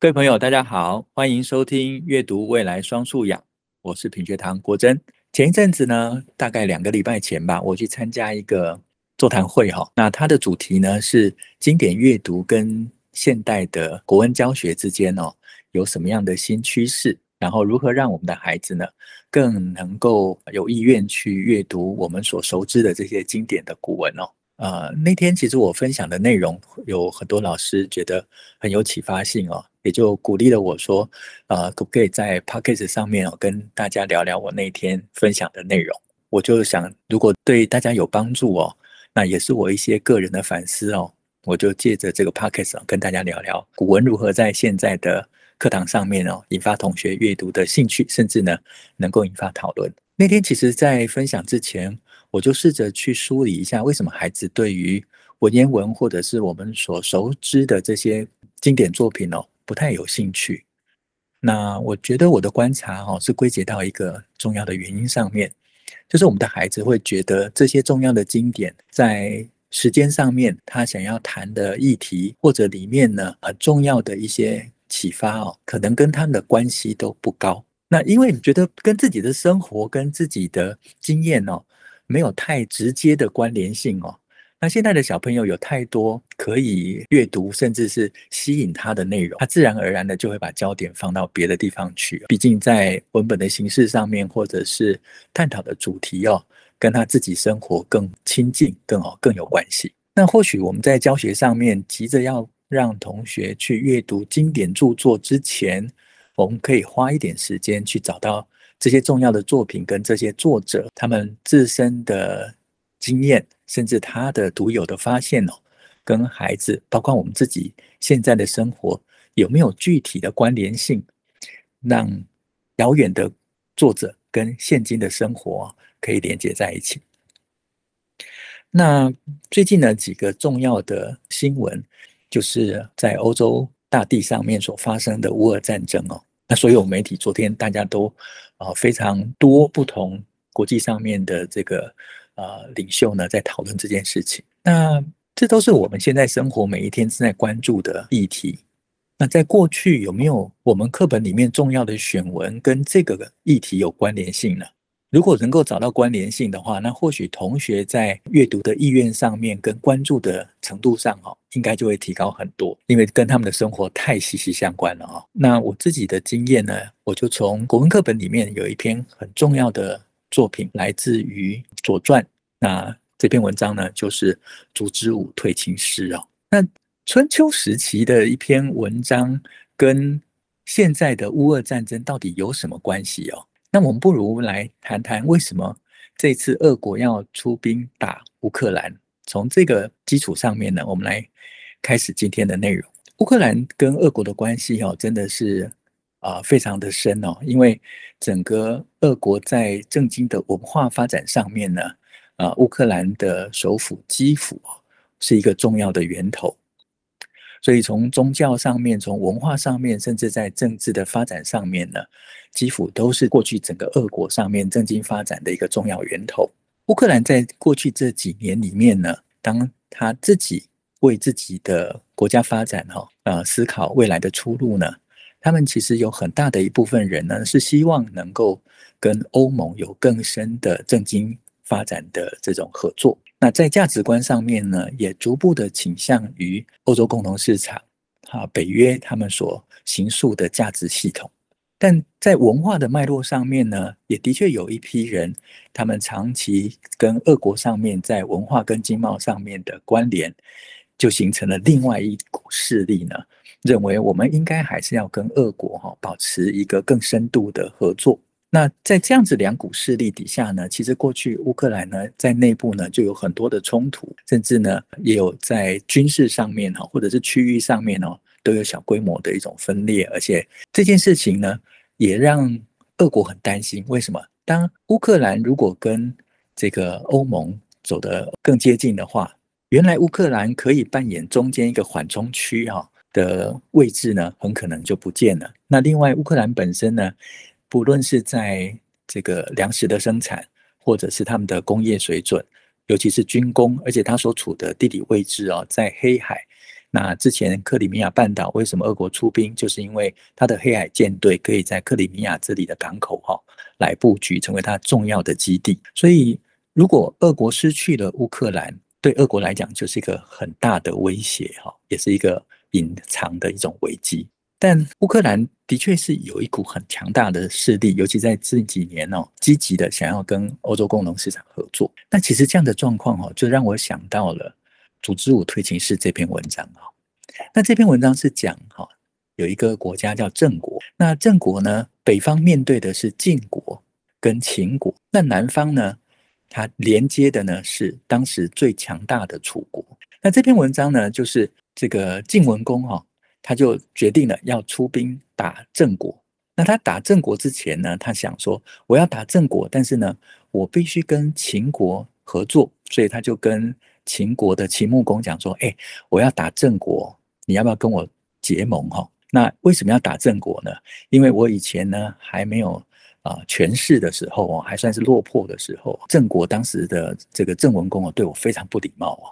各位朋友，大家好，歡迎收聽《閱讀未來雙素養》，我是品學堂國珍。前一陣子呢，大概兩個禮拜前吧，我去參加一個座談會哈、哦。那它的主題呢是經典閱讀跟現代的國文教學之間哦，有什麼樣的新趨勢？然後如何讓我們的孩子呢，更能夠有意願去閱讀我們所熟知的這些經典的古文哦？啊、呃，那天其實我分享的內容有很多老師覺得很有啟發性哦，也就鼓勵了我說，啊、呃，可不可以在 podcast 上面哦跟大家聊聊我那天分享的內容？我就想，如果對大家有幫助哦，那也是我一些個人的反思哦，我就借着這個 podcast 啊，跟大家聊聊古文如何在現在的課堂上面哦引發同學閱讀的興趣，甚至呢能夠引發討論。那天其實，在分享之前，我就試着去梳理一下，為什麼孩子對於文言文或者是我們所熟知的這些經典作品哦，不太有興趣。那我覺得我的觀察哦，是歸結到一個重要的原因上面，就是我們的孩子會覺得這些重要的經典，在時間上面他想要談的議題或者裡面呢很重要的一些啟發哦，可能跟他們的關係都不高。那因為你覺得跟自己的生活跟自己的經驗哦。沒有太直接的關聯性哦。那現在的小朋友有太多可以閱讀，甚至是吸引他的內容，他自然而然的就會把焦點放到別的地方去。畢竟在文本的形式上面，或者是探討的主題哦，跟他自己生活更親近、更好、哦、更有關係。那或許我們在教學上面急着要讓同學去閱讀經典著作之前，我們可以花一點時間去找到。這些重要的作品跟這些作者他們自身的經驗，甚至他的獨有的發現哦，跟孩子，包括我們自己現在的生活有沒有具體的關聯性，讓遙遠的作者跟現今的生活可以連接在一起。那最近呢幾個重要的新聞，就是在歐洲大地上面所發生的烏俄戰爭哦，那所有媒體昨天大家都。啊，非常多不同國際上面的這個啊領袖呢，在討論這件事情。那這都是我們現在生活每一天正在關注的議題。那在過去有沒有我們課本裡面重要的選文跟這個議題有關聯性呢？如果能夠找到關聯性的話，那或許同學在閱讀的意願上面跟關注的程度上哦，應該就會提高很多，因為跟他們的生活太息息相關了哦。那我自己的經驗呢，我就從國文課本裡面有一篇很重要的作品，來自於《左傳》。那這篇文章呢，就是《燭之武退秦師》哦。那春秋時期的一篇文章，跟現在的烏俄戰爭到底有什麼關係哦？那我們不如來談談為什麼這次俄國要出兵打烏克蘭？從這個基礎上面呢，我們來開始今天的內容。烏克蘭跟俄國的關係哦，真的是啊、呃、非常的深哦，因為整個俄國在政經的文化發展上面呢，啊、呃、烏克蘭的首府基輔、哦、是一個重要的源頭。所以從宗教上面、從文化上面，甚至在政治的發展上面呢，基輔都是過去整個俄國上面政經發展的一個重要源頭。烏克蘭在過去這幾年裡面呢，當他自己為自己的國家發展哈啊、呃、思考未來的出路呢，他們其實有很大的一部分人呢，是希望能夠跟歐盟有更深的政經發展的這種合作。那在價值觀上面呢，也逐步的傾向於歐洲共同市場、哈、北約他們所形塑的價值系統。但在文化的脈絡上面呢，也的確有一批人，他們長期跟俄國上面在文化跟經貿上面的關聯，就形成了另外一股勢力呢，認為我們應該還是要跟俄國哈保持一個更深度的合作。那在這樣子兩股勢力底下呢，其實過去烏克蘭呢在內部呢就有很多的衝突，甚至呢也有在軍事上面或者是區域上面都有小規模的一種分裂，而且這件事情呢也讓俄國很擔心。為什麼？當烏克蘭如果跟這個歐盟走得更接近的話，原來烏克蘭可以扮演中間一個緩衝區哈的位置呢，很可能就不見了。那另外烏克蘭本身呢？不論是在這個糧食的生產，或者是他們的工業水準，尤其是軍工，而且它所處的地理位置哦，在黑海，那之前克里米亞半島為什麼俄國出兵，就是因為它的黑海艦隊可以在克里米亞這裡的港口哈、哦、來布局，成為它重要的基地。所以，如果俄國失去了烏克蘭，對俄國來講就是一個很大的威脅哈，也是一個隱藏的一種危機。但烏克蘭的確是有一股很強大的勢力，尤其在近幾年哦，積極的想要跟歐洲共同市場合作。那其實這樣的狀況哦，就讓我想到了《燭之武退秦師》這篇文章哈。那這篇文章是講哈，有一個國家叫鄭國，那鄭國呢，北方面對的是晉國跟秦國，那南方呢，它連接的呢是當時最強大的楚國。那這篇文章呢，就是這個晉文公哈、哦。他就決定了要出兵打鄭國。那他打鄭國之前呢，他想說，我要打鄭國，但是呢，我必須跟秦國合作，所以他就跟秦國的秦穆公講說，哎、欸，我要打鄭國，你要不要跟我結盟哈、哦？那為什麼要打鄭國呢？因為我以前呢還沒有啊權勢的時候哦，還算是落魄的時候，鄭國當時的這個鄭文公哦，對我非常不禮貌哦。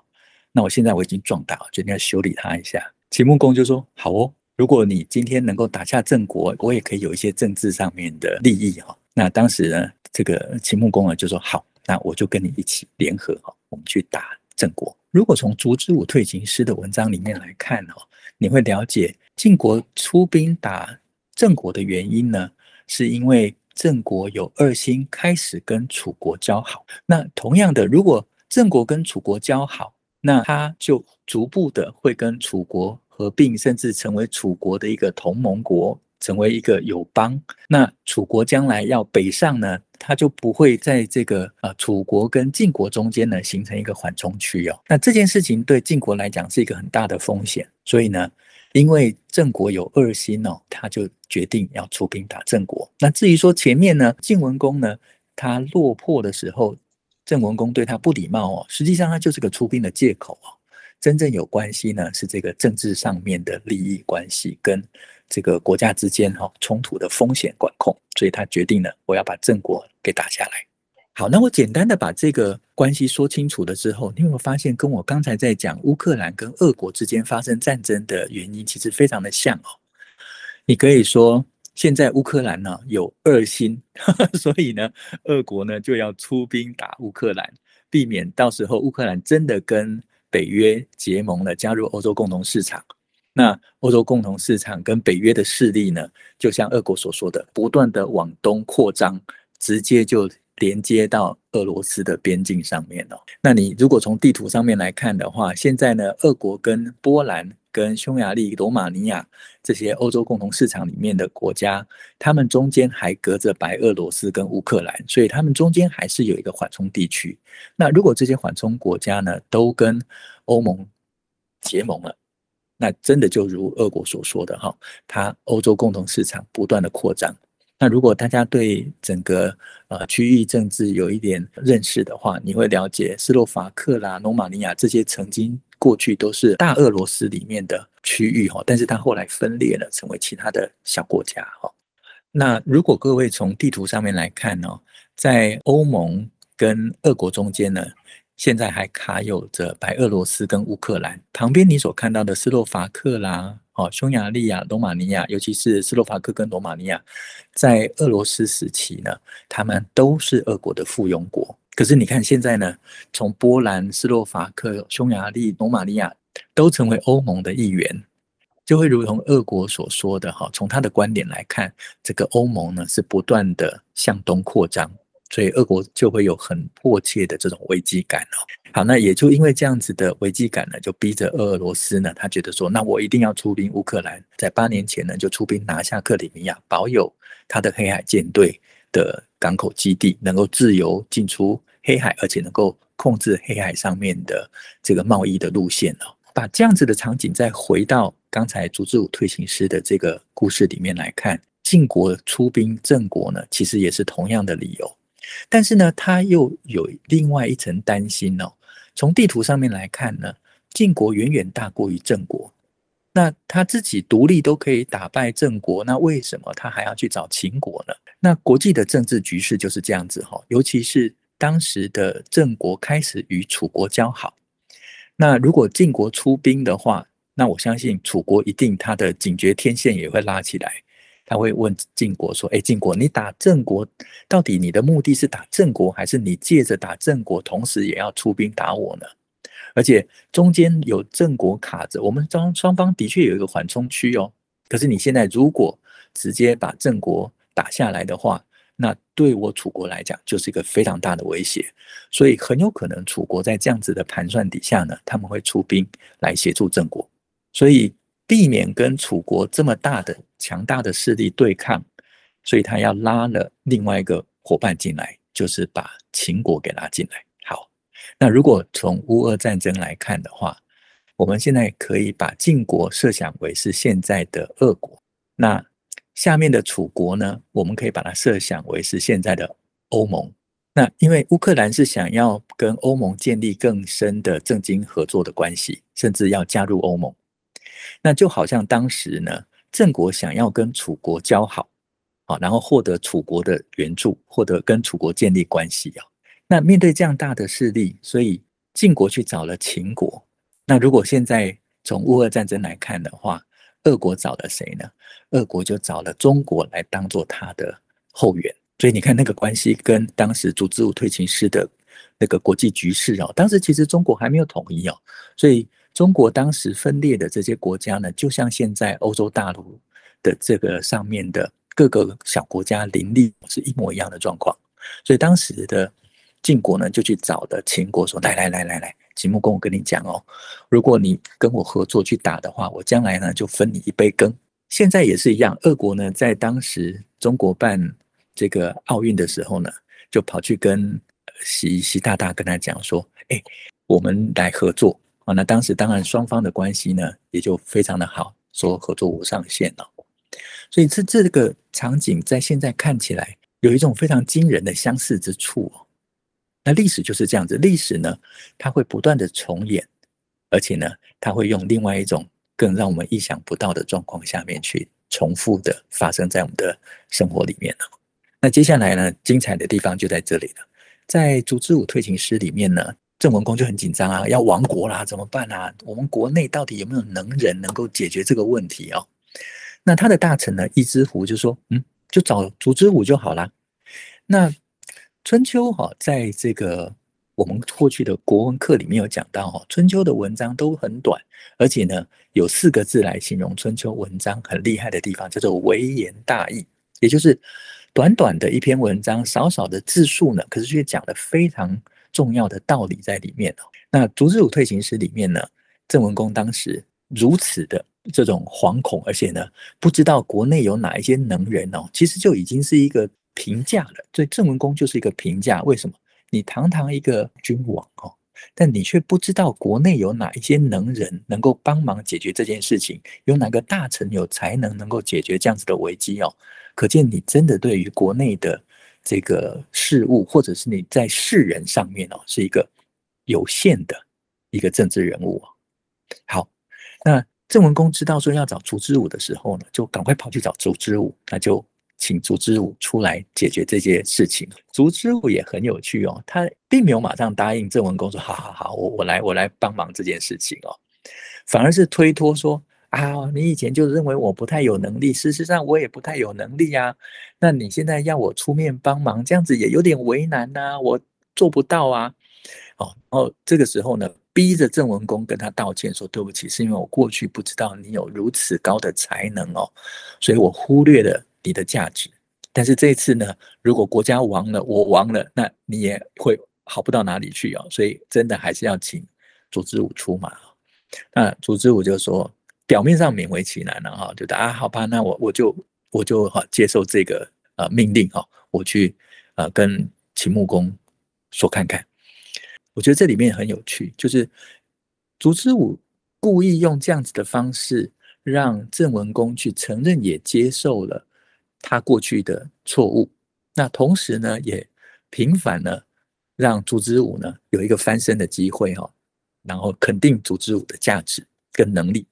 那我現在我已經壯大了，就應該修理他一下。秦穆公就說：“好哦，如果你今天能夠打下鄭國，我也可以有一些政治上面的利益哈。”那當時呢，這個秦穆公啊就說：“好，那我就跟你一起聯合哈，我們去打鄭國。”如果從燭之武退秦師的文章裡面來看哈，你會了解晉國出兵打鄭國的原因呢，是因為鄭國有二心，開始跟楚國交好。那同樣的，如果鄭國跟楚國交好，那他就逐步的會跟楚國合併，甚至成為楚國的一個同盟國，成為一個友邦。那楚國將來要北上呢，他就不會在這個呃楚國跟晉國中間呢形成一個緩衝區哦。那這件事情對晉國來講是一個很大的風險，所以呢，因為鄭國有二心哦，他就決定要出兵打鄭國。那至於說前面呢，晉文公呢，他落魄的時候。鄭文公對他不禮貌哦，實際上他就是個出兵的借口啊、哦。真正有關係呢，是這個政治上面的利益關係跟這個國家之間哈、哦、衝突的風險管控，所以他決定了我要把鄭國給打下來。好，那我簡單的把這個關係說清楚了之後，你有沒有發現跟我剛才在講烏克蘭跟俄國之間發生戰爭的原因其實非常的像哦？你可以說。現在烏克蘭呢、啊、有二心呵呵，所以呢，俄國呢就要出兵打烏克蘭，避免到時候烏克蘭真的跟北約結盟了，加入歐洲共同市場。那歐洲共同市場跟北約的勢力呢，就像俄國所說的，不斷的往東擴張，直接就連接到俄羅斯的邊境上面了。那你如果從地圖上面來看的話，現在呢，俄國跟波蘭。跟匈牙利、羅馬尼亞這些歐洲共同市場裡面的國家，他們中間還隔着白俄羅斯跟烏克蘭，所以他們中間還是有一個緩衝地區。那如果這些緩衝國家呢，都跟歐盟結盟了，那真的就如俄國所說的哈，它歐洲共同市場不斷的擴張。那如果大家對整個呃區域政治有一點認識的話，你會了解斯洛伐克啦、羅馬尼亞這些曾經。過去都是大俄羅斯裡面的區域，但是它後來分裂了，成為其他的小國家。那如果各位從地圖上面來看呢，在歐盟跟俄國中間呢，現在還卡有着白俄羅斯跟烏克蘭。旁邊你所看到的斯洛伐克啦，哦，匈牙利啊，羅馬尼亞，尤其是斯洛伐克跟羅馬尼亞，在俄羅斯時期呢，他們都是俄國的附庸國。可是你看現在呢，從波蘭、斯洛伐克、匈牙利、羅馬尼亞都成為歐盟的一員，就會如同俄國所說的哈，從他的觀點來看，這個歐盟呢是不斷的向東擴張，所以俄國就會有很迫切的這種危機感哦。好，那也就因為這樣子的危機感呢，就逼着俄羅斯呢，他覺得說，那我一定要出兵烏克蘭，在八年前呢就出兵拿下克里米亞，保有他的黑海艦隊。的港口基地，能夠自由進出黑海，而且能夠控制黑海上面的這個貿易的路線哦。把這樣子的場景再回到剛才燭之武退秦師的這個故事裡面來看，晉國出兵鄭國呢，其實也是同樣的理由，但是呢，他又有另外一層擔心哦。從地圖上面來看呢，晉國遠遠大過於鄭國。那他自己獨立都可以打敗鄭國，那為什麼他還要去找秦國呢？那國際的政治局勢就是這樣子哈，尤其是當時的鄭國開始與楚國交好，那如果晉國出兵的話，那我相信楚國一定他的警覺天線也會拉起來，他會問晉國說：誒、哎，晉國，你打鄭國，到底你的目的是打鄭國，還是你借着打鄭國，同時也要出兵打我呢？而且中間有鄭國卡着，我們雙雙方的確有一個緩衝區哦。可是你現在如果直接把鄭國打下來的話，那對我楚國來講就是一個非常大的威脅。所以很有可能楚國在這樣子的盤算底下呢，他們會出兵來協助鄭國，所以避免跟楚國這麼大的強大的勢力對抗，所以他要拉了另外一個夥伴進來，就是把秦國給拉進來。那如果從烏俄戰爭來看的話，我們現在可以把晉國設想為是現在的俄國，那下面的楚國呢，我們可以把它設想為是現在的歐盟。那因為烏克蘭是想要跟歐盟建立更深的政經合作的關係，甚至要加入歐盟，那就好像當時呢，鄭國想要跟楚國交好，啊，然後獲得楚國的援助，獲得跟楚國建立關係那面對這樣大的勢力，所以晉國去找了秦國。那如果現在從烏俄戰爭來看的話，俄國找了誰呢？俄國就找了中國來當做他的後援。所以你看那個關係，跟當時燭之武退秦師的那個國際局勢哦，當時其實中國還沒有統一哦，所以中國當時分裂的這些國家呢，就像現在歐洲大陸的這個上面的各個小國家林立是一模一樣的狀況。所以當時的。晉國呢就去找的秦國說，來來來來來，秦穆公，我跟你講哦，如果你跟我合作去打的話，我將來呢就分你一杯羹。現在也是一樣，俄國呢在當時中國辦這個奧運的時候呢，就跑去跟習習大大跟他講說，哎，我們來合作啊。哦，那當時當然雙方的關係呢也就非常的好，說合作無上限哦。所以這這個場景在現在看起來有一種非常驚人的相似之處哦。那歷史就是這樣子，歷史呢，它會不斷地重演，而且呢，它會用另外一種更讓我們意想不到的狀況下面去重複的發生在我們的生活裡面啊。那接下來呢，精彩的地方就在這裡了。在燭之武退秦師裡面呢，鄭文公就很緊張啊，要亡國啦，怎麼辦啊？我們國內到底有沒有能人能夠解決這個問題哦？那他的大臣呢，佚之狐就說，嗯，就找燭之武就好啦。」那春秋哈、哦，在這個我們過去的國文課裡面有講到哈、哦，春秋的文章都很短，而且呢，有四個字來形容春秋文章很厲害的地方，叫做“微言大義”，也就是短短的一篇文章，少少的字數呢，可是卻講了非常重要的道理在裡面。那《燭之武退秦師》裡面呢，鄭文公當時如此的這種惶恐，而且呢，不知道國內有哪一些能人哦，其實就已經是一個。評價了，所以鄭文公就是一個評價。為什麼？你堂堂一個君王哦，但你卻不知道國內有哪一些能人能夠幫忙解決這件事情，有哪個大臣有才能能夠解決這樣子的危機哦？可見你真的對於國內的這個事務，或者是你在世人上面哦，是一個有限的一個政治人物哦。好，那鄭文公知道說要找燭之武的時候呢，就趕快跑去找燭之武，那就。請燭之武出來解決這件事情。燭之武也很有趣哦，他並沒有馬上答應鄭文公說：“好好好，好我，我來我來幫忙這件事情哦。”反而是推脫說：“啊，你以前就認為我不太有能力，事實上我也不太有能力啊。那你現在要我出面幫忙，這樣子也有點為難吶，啊，我做不到啊。哦”哦，然後這個時候呢，逼着鄭文公跟他道歉說：“對不起，是因為我過去不知道你有如此高的才能哦，所以我忽略了。”你的價值，但是這次呢，如果國家亡了，我亡了，那你也會好不到哪裡去哦。所以真的還是要請燭之武出馬。那燭之武就說，表面上勉為其難了哈，就答啊，好吧，那我我就我就好接受這個呃命令哦，我去呃跟秦穆公說看看。我覺得這裡面很有趣，就是燭之武故意用這樣子的方式讓鄭文公去承認也接受了。他過去的錯誤，那同時呢，也平反了，讓燭之武呢有一個翻身的機會哈、哦，然後肯定燭之武的價值跟能力。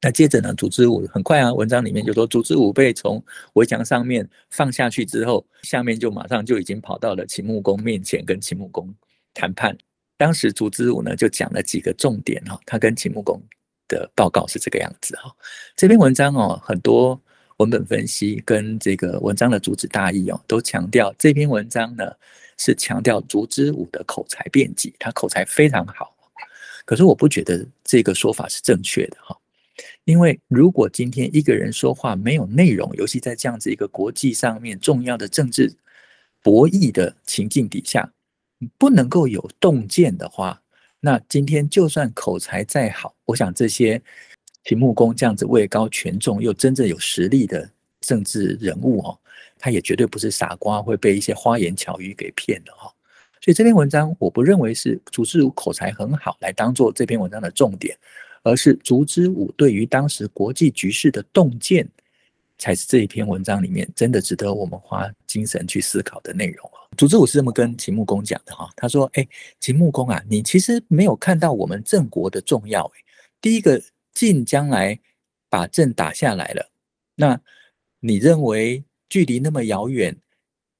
那接着呢，燭之武很快啊，文章裡面就說，燭之武被從圍牆上面放下去之後，下面就馬上就已經跑到了秦穆公面前，跟秦穆公談判。當時燭之武呢就講了幾個重點哈、哦，他跟秦穆公的報告是這個樣子哈、哦。這篇文章哦，很多，文本分析跟這個文章的主旨大意哦，都強調這篇文章呢是強調燭之武的口才辯解。他口才非常好。可是我不覺得這個說法是正確的哈，因為如果今天一個人說話沒有內容，尤其在這樣子一個國際上面重要的政治博弈的情境底下，不能夠有洞見的話，那今天就算口才再好，我想這些。秦穆公這樣子位高權重又真正有實力的政治人物哦，他也絕對不是傻瓜，會被一些花言巧語給騙的哈、哦。所以這篇文章我不認為是燭之武口才很好來當做這篇文章的重點，而是燭之武對於當時國際局勢的洞見，才是這一篇文章裡面真的值得我們花精神去思考的內容哦。燭之武是這麼跟秦穆公講的哈，他說：“哎，秦穆公啊，你其實沒有看到我們鄭國的重要哎，第一個。”晉將來把鄭打下來了，那你認為距離那麼遙遠，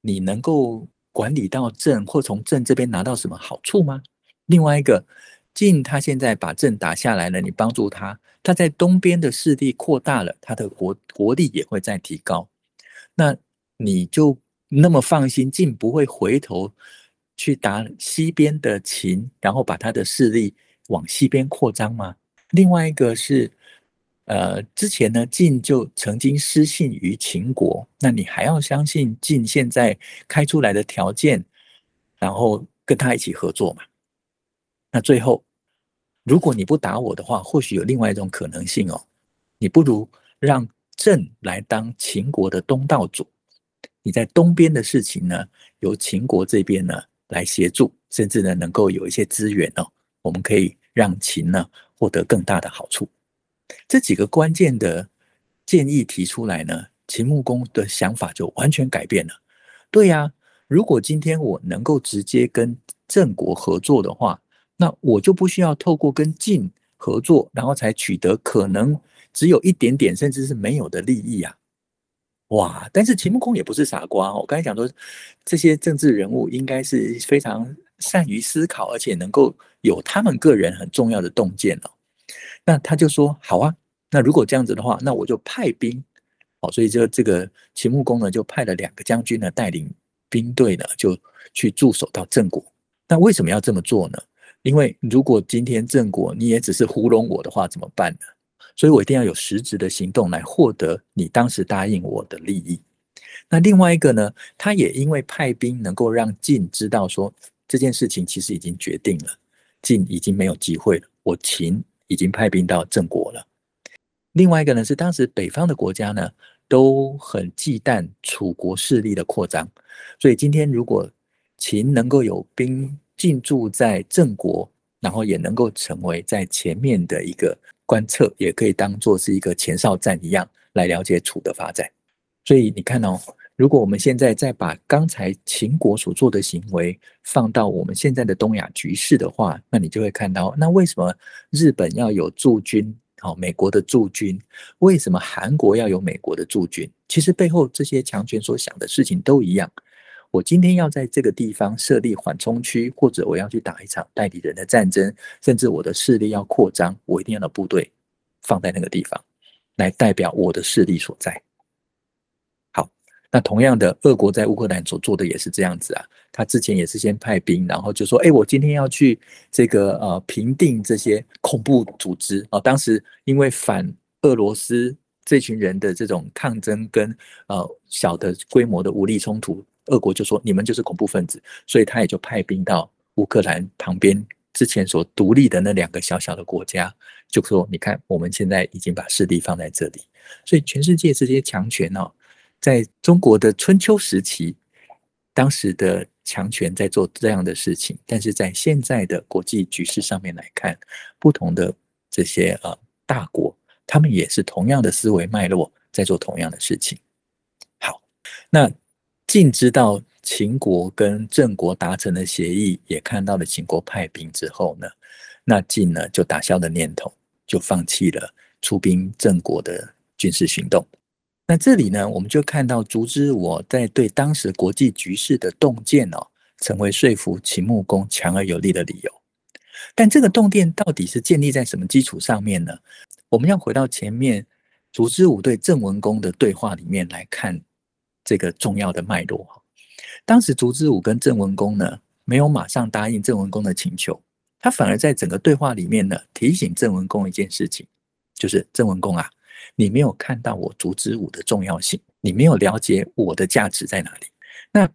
你能夠管理到鄭或從鄭這邊拿到什麼好處嗎？另外一個，晉他現在把鄭打下來了，你幫助他，他在東邊的勢力擴大了，他的國國力也會再提高，那你就那麼放心，晉不會回頭去打西邊的秦，然後把他的勢力往西邊擴張嗎？另外一個是，呃，之前呢晉就曾經失信於秦國，那你還要相信晉現在開出來的條件，然後跟他一起合作嘛？那最後，如果你不打我的話，或許有另外一種可能性哦，你不如讓鄭來當秦國的東道主，你在東邊的事情呢，由秦國這邊呢來協助，甚至呢能夠有一些資源哦，我們可以讓秦呢。獲得更大的好處，這幾個關鍵的建議提出來呢，秦穆公的想法就完全改變了。對呀、啊，如果今天我能夠直接跟鄭國合作的話，那我就不需要透過跟晉合作，然後才取得可能只有一點點，甚至是沒有的利益啊。哇！但是秦穆公也不是傻瓜、哦，我剛才講說，這些政治人物應該是非常善於思考，而且能夠有他們個人很重要的洞見哦。那他就說好啊，那如果這樣子的話，那我就派兵，哦，所以就這個秦穆公呢，就派了兩個將軍呢，帶領兵隊呢，就去駐守到鄭國。那為什麼要這麼做呢？因為如果今天鄭國你也只是糊弄我的話，怎麼辦呢？所以我一定要有實質的行動來獲得你當時答應我的利益。那另外一個呢，他也因為派兵能夠讓晉知道說這件事情其實已經決定了，晉已經沒有機會了。我秦。已經派兵到鄭國了。另外一個呢，是當時北方的國家呢，都很忌憚楚國勢力的擴張，所以今天如果秦能夠有兵進駐在鄭國，然後也能夠成為在前面的一個觀測，也可以當做是一個前哨站一樣，來了解楚的發展。所以你看哦。如果我們現在再把剛才秦國所做的行為放到我們現在的東亞局勢的話，那你就會看到，那為什麼日本要有駐軍？好、哦，美國的駐軍，為什麼韓國要有美國的駐軍？其實背後這些強權所想的事情都一樣。我今天要在這個地方設立緩衝區，或者我要去打一場代理人的戰爭，甚至我的勢力要擴張，我一定要把部隊放在那個地方，來代表我的勢力所在。那同樣的，俄國在烏克蘭所做的也是這樣子啊。他之前也是先派兵，然後就說：“哎，我今天要去這個呃平定這些恐怖組織啊。呃”當時因為反俄羅斯這群人的這種抗爭跟呃小的規模的武力衝突，俄國就說：“你們就是恐怖分子。”所以他也就派兵到烏克蘭旁邊之前所獨立的那兩個小小的國家，就說：“你看，我們現在已經把勢力放在這裡。”所以全世界這些強權呢、啊？在中國的春秋時期，當時的強權在做這樣的事情。但是在現在的國際局勢上面來看，不同的這些啊、呃、大國，他們也是同樣的思維脈絡在做同樣的事情。好，那晉知道秦國跟鄭國達成了協議，也看到了秦國派兵之後呢，那晉呢就打消了念頭，就放棄了出兵鄭國的軍事行動。那這裡呢，我們就看到燭之武在對當時國際局勢的洞見哦，成為說服秦穆公強而有力的理由。但這個洞見到底是建立在什麼基礎上面呢？我們要回到前面燭之武對鄭文公的對話裡面來看這個重要的脈絡。當時燭之武跟鄭文公呢，沒有馬上答應鄭文公的請求，他反而在整個對話裡面呢，提醒鄭文公一件事情，就是鄭文公啊。你沒有看到我燭之武的重要性，你沒有了解我的價值在哪裡。那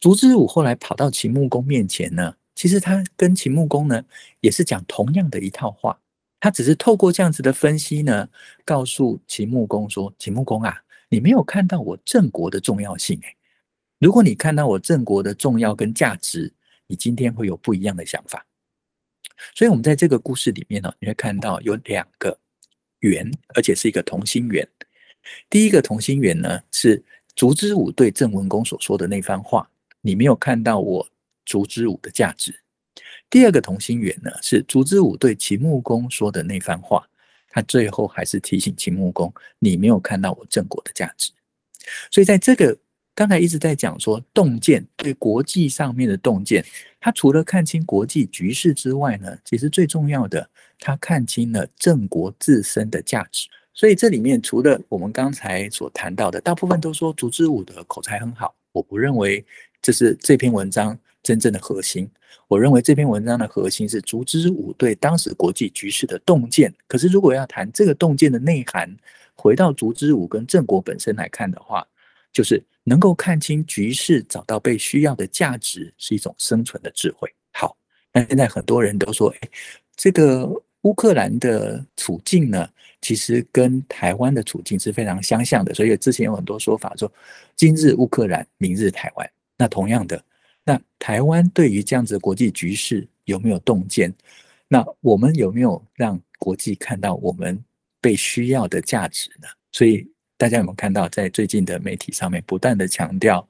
燭之武後來跑到秦穆公面前呢，其實他跟秦穆公呢也是講同樣的一套話，他只是透過這樣子的分析呢，告訴秦穆公說：“秦穆公啊，你沒有看到我鄭國的重要性欸，如果你看到我鄭國的重要跟價值，你今天會有不一樣的想法。”所以，我們在這個故事裡面呢，哦，你會看到有兩個。圓，而且是一個同心圓。第一個同心圓呢，是燭之武對鄭文公所說的那番話，你沒有看到我燭之武的價值。第二個同心圓呢，是燭之武對秦穆公說的那番話，他最後還是提醒秦穆公，你沒有看到我鄭國的價值。所以，在這個剛才一直在講說洞見對國際上面的洞見，他除了看清國際局勢之外呢，其實最重要的。他看清了鄭國自身的價值，所以這裡面除了我們剛才所談到的，大部分都說燭之武的口才很好，我不認為這是這篇文章真正的核心。我認為這篇文章的核心是燭之武對當時國際局勢的洞見。可是，如果要談這個洞見的內涵，回到燭之武跟鄭國本身來看的話，就是能夠看清局勢，找到被需要的價值，是一種生存的智慧。好，那現在很多人都說，誒這個烏克蘭的處境呢，其實跟台灣的處境是非常相像的，所以之前有很多說法說，今日烏克蘭，明日台灣。那同樣的，那台灣對於這樣子的國際局勢有沒有洞見？那我們有沒有讓國際看到我們被需要的價值呢？所以大家有沒有看到，在最近的媒體上面不斷地強調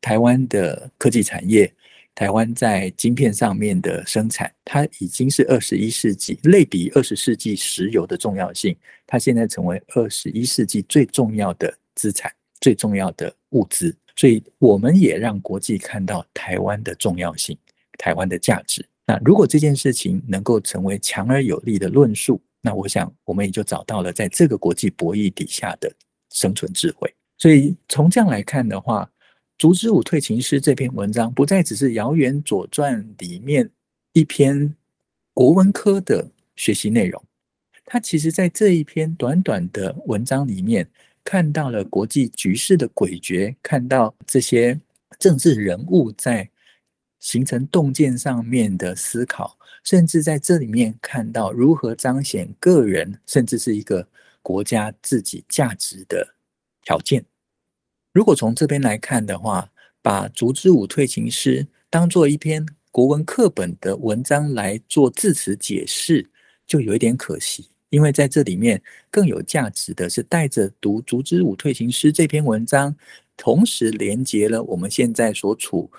台灣的科技產業？台灣在晶片上面的生產，它已經是二十一世紀類比二十世紀石油的重要性，它現在成為二十一世紀最重要的資產、最重要的物資。所以，我們也讓國際看到台灣的重要性、台灣的價值。那如果這件事情能夠成為強而有力的論述，那我想我們也就找到了在這個國際博弈底下的生存智慧。所以，從這樣來看的話，《燭之武退秦師》這篇文章不再只是《遙遠左傳》裡面一篇國文科的學習內容，他其實，在這一篇短短的文章裡面，看到了國際局勢的詭譎，看到這些政治人物在形成洞見上面的思考，甚至在這裡面看到如何彰顯個人，甚至是一個國家自己價值的條件。如果從這邊來看的話，把《燭之武退秦師》當做一篇國文課本的文章來做字詞解釋，就有一點可惜。因為在這裡面更有價值的是，帶着讀《燭之武退秦師》這篇文章，同時連接了我們現在所處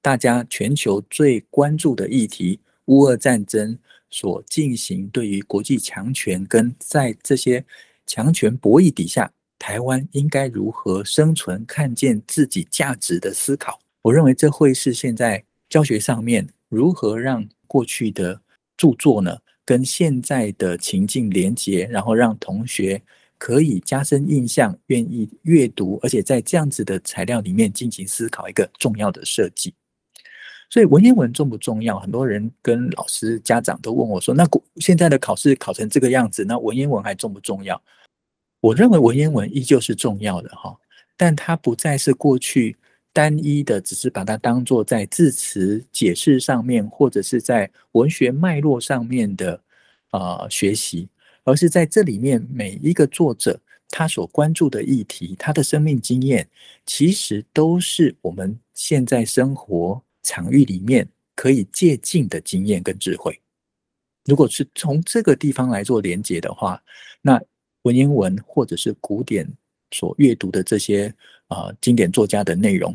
大家全球最關注的議題——烏俄戰爭所進行對於國際強權跟在這些強權博弈底下。台灣應該如何生存？看見自己價值的思考，我認為這會是現在教學上面如何讓過去的著作，呢，跟現在的情境連結，然後讓同學可以加深印象，願意閱讀，而且在這樣子的材料裡面進行思考一個重要的設計。所以文言文重不重要？很多人跟老師、家長都問我說：“那現在的考試考成這個樣子，那文言文還重不重要？”我認為文言文依舊是重要的哈，但它不再是過去單一的，只是把它當作在字詞解釋上面，或者是在文學脈絡上面的啊學習，而是在這裡面每一個作者他所關注的議題，他的生命經驗，其實都是我們現在生活場域裡面可以借鏡的經驗跟智慧。如果是從這個地方來做連結的話，那文言文或者是古典所閱讀的這些啊、呃、經典作家的內容，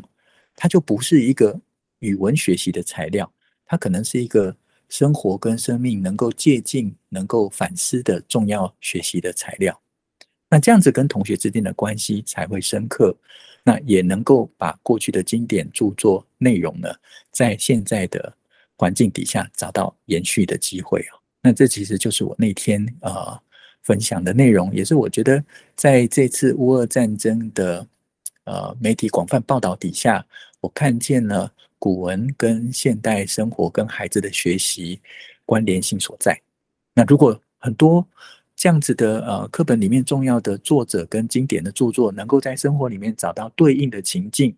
它就不是一個語文學習的材料，它可能是一個生活跟生命能夠借鑑、能夠反思的重要學習的材料。那這樣子跟同學之間的關係才會深刻，那也能夠把過去的經典著作內容呢，在現在的環境底下找到延續的機會啊。那這其實就是我那天啊。呃分享的內容也是，我覺得在這次烏俄戰爭的呃媒體廣泛報道底下，我看見了古文跟現代生活跟孩子的學習關聯性所在。那如果很多這樣子的呃課本裡面重要的作者跟經典的著作，能夠在生活裡面找到對應的情境，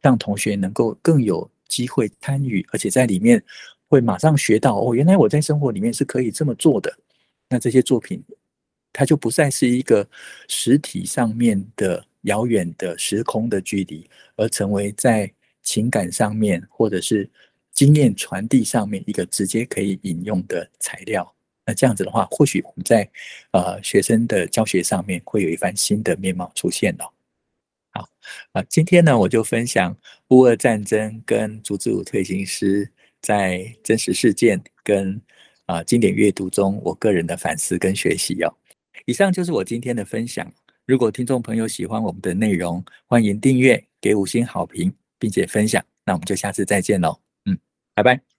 讓同學能夠更有機會參與，而且在裡面會馬上學到哦，原來我在生活裡面是可以這麼做的。那這些作品。它就不再是一個實體上面的遙遠的時空的距離，而成為在情感上面或者是經驗傳遞上面一個直接可以引用的材料。那這樣子的話，或許我們在呃學生的教學上面會有一番新的面貌出現了、哦。好，啊、呃，今天呢，我就分享烏俄戰爭跟燭之武退秦師在真實事件跟啊、呃、經典閱讀中我個人的反思跟學習哦。以上就是我今天的分享。如果聽眾朋友喜歡我們的內容，歡迎訂閱，給五星好評，並且分享。那我們就下次再見嘍。嗯，拜拜。